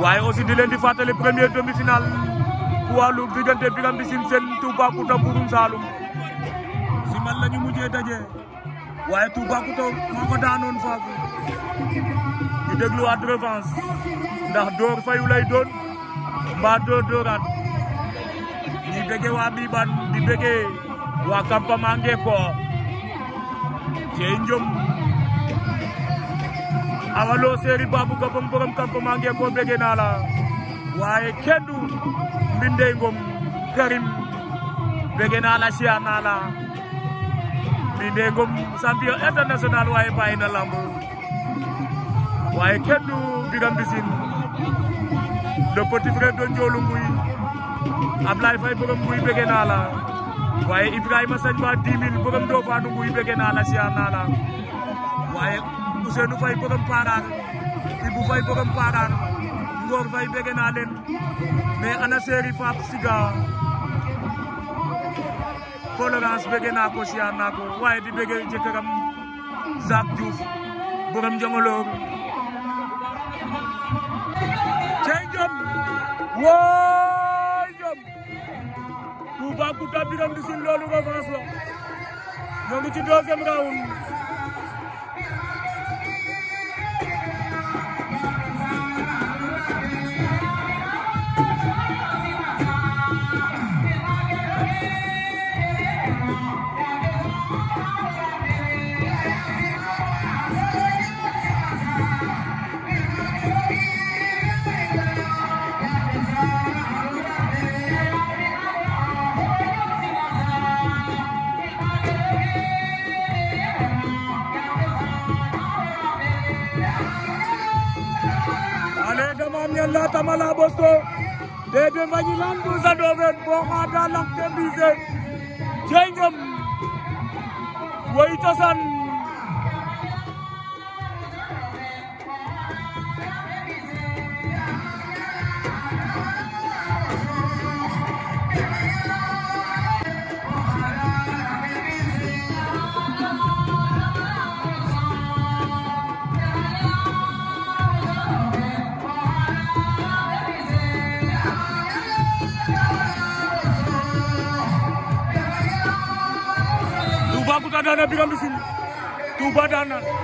waaye aussi di leen di fàttali première demi-finale poids lourd diggante Birame Mbissine Sène Toubacouta Bouroum si man la ñu mujjee daje waaye Toubacouta moo ko daanoon foofu di dégluwaat revanche ndax door fayu lay doon mbaa door dooraat di waa Biban di waa campement Ngépoor cee njom Awa Lo Séeri Babou Gabon borom campement ngeen ko naa la waaye kenn du Ngom Karim bëggee naa la siyaar naa la Mbindey Ngom champion international waaye bàyyi na lamb waaye kenn du Biram Mbissine le petit frère de Ndiolou Mbuy Ablaye naa la waaye Ibrahima Sañ Ba 10 000 borom Ndofane Mbuy bëggee naa la siyaar naa la waaye Ousseynou Faye borom Paaraan Ibou Faye borom Paaraan Ngor Faye bëgg naa leen mais ana Seri Siga Florence bëgg naa ko siyaar waaye di bëgg jëkkëram Zack Diouf borom Jongoloor cey jom wooy jom Toubacouta Birame Mbissine loolu revanche la ñoo ngi ci deuxième nyalla tamala bosko dede manyilan dusa doven bonga dalam tembise jengem wai tasan Toubacouta daan na Birame Mbissine Touba daan na